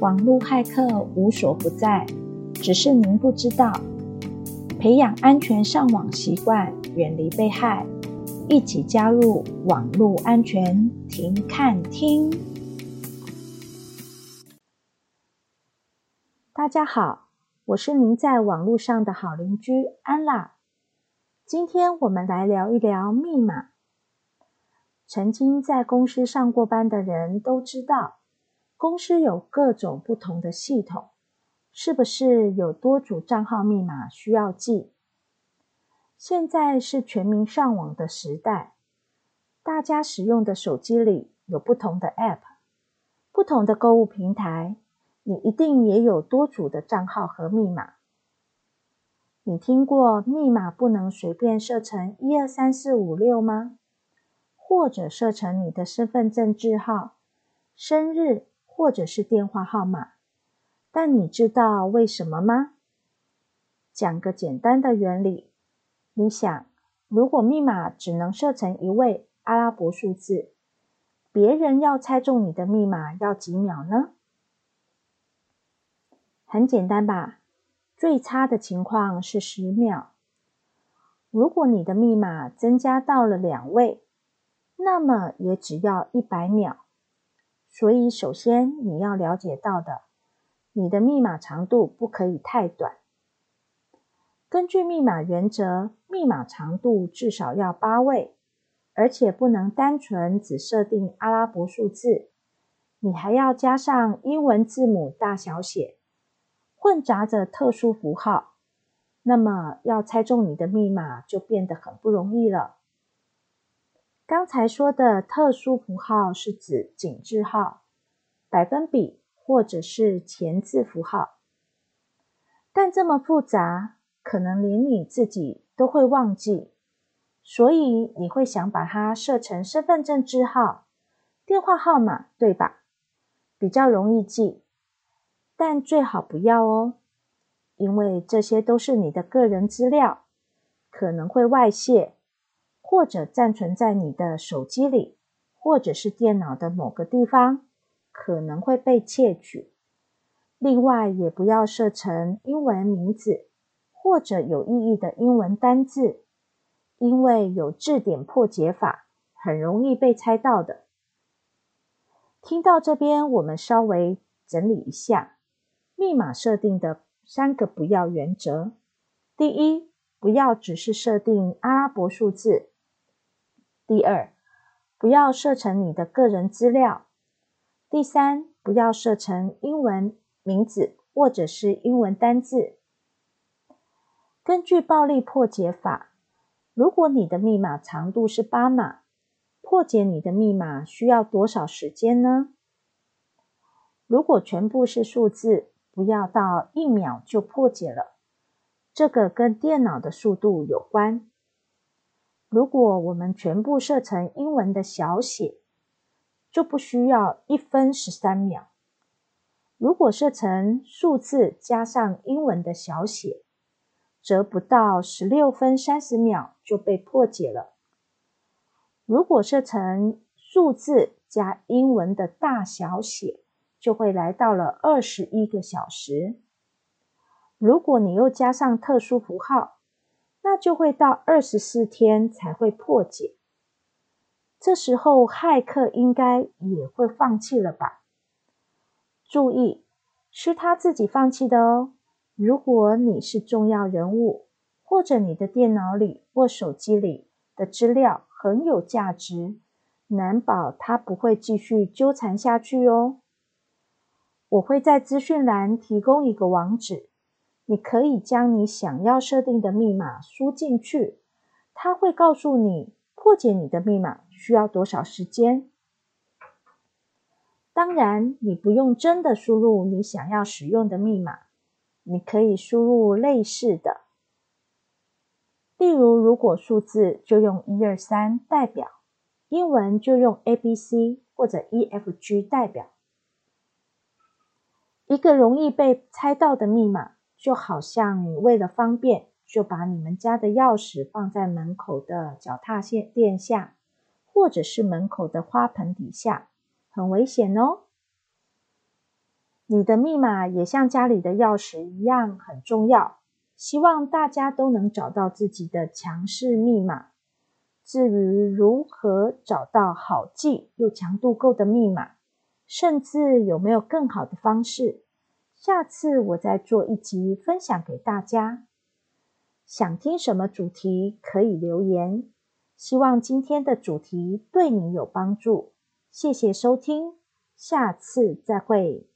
網絡駭客無所不在，只是您不知道。培養安全上網習慣，遠離被害，一起加入網絡安全停看聽。大家好，我是您在網絡上的好鄰居安娜。今天我們來聊一聊密碼。曾經在公司上過班的人都知道，公司有各種不同的系統，是不是有多組賬號密碼需要記？現在是全民上網的時代，大家使用的手機裡有不同的 App，不同的購物平台，你一定也有多組的賬號和密碼。你聽過密碼不能隨便設成一二三四五六嗎？或者設成你的身份證字號、生日？或者是電話號碼，但你知道為什麼嗎？講個簡單的原理。你想，如果密碼只能設成一位阿拉伯數字，別人要猜中你的密碼要幾秒呢？很簡單吧，最差的情況是十秒。如果你的密碼增加到了兩位，那麼也只要一百秒。所以，首先你要了解到的，你的密碼長度不可以太短。根據密碼原則，密碼長度至少要八位，而且不能單純只設定阿拉伯數字，你還要加上英文字母大小寫，混雜着特殊符號。那麼，要猜中你的密碼就變得很不容易了。剛才說的特殊符號，是指井字號、百分比或者是前字符號，但這麼複雜，可能連你自己都會忘記，所以你會想把它設成身份證字號、電話號碼，對吧？比較容易記，但最好不要哦，因為這些都是你的個人資料，可能會外泄。或者暫存在你的手機裡，或者是電腦的某個地方，可能會被竊取。另外，也不要設成英文名字或者有意義的英文單字，因為有字典破解法，很容易被猜到的。聽到這邊，我們稍微整理一下密碼設定的三個不要原則：第一，不要只是設定阿拉伯數字。第二，不要設成你的個人資料。第三，不要設成英文名字或者是英文單字。根據暴力破解法，如果你的密碼長度是八碼，破解你的密碼需要多少時間呢？如果全部是數字，不要到一秒就破解了。這個跟電腦的速度有關。如果我們全部設成英文的小寫，就不需要一分十三秒；如果設成數字加上英文的小寫，則不到十六分三十秒就被破解了；如果設成數字加英文的大小寫，就會來到了二十一個小時；如果你又加上特殊符號，那就會到二十四天才會破解，這時候駭客應該也會放棄了吧？注意，是他自己放棄的哦。如果你是重要人物，或者你的電腦裡或手機裡的資料很有價值，難保他不會繼續糾纏下去哦。我會在資訊欄提供一個網址。你可以將你想要設定的密碼輸進去，它會告訴你破解你的密碼需要多少時間。當然，你不用真的輸入你想要使用的密碼，你可以輸入類似的。例如，如果數字就用一二三代表，英文就用 ABC 或者 EFG 代表。一個容易被猜到的密碼。就好像你為了方便，就把你們家的鑰匙放在門口的腳踏線墊下，或者是門口的花盆底下，很危險哦。你的密碼也像家裡的鑰匙一樣很重要，希望大家都能找到自己的強勢密碼。至於如何找到好記又強度夠的密碼，甚至有沒有更好的方式？下次我再做一集分享給大家，想聽什麼主題可以留言。希望今天的主題對你有幫助，謝謝收聽，下次再會。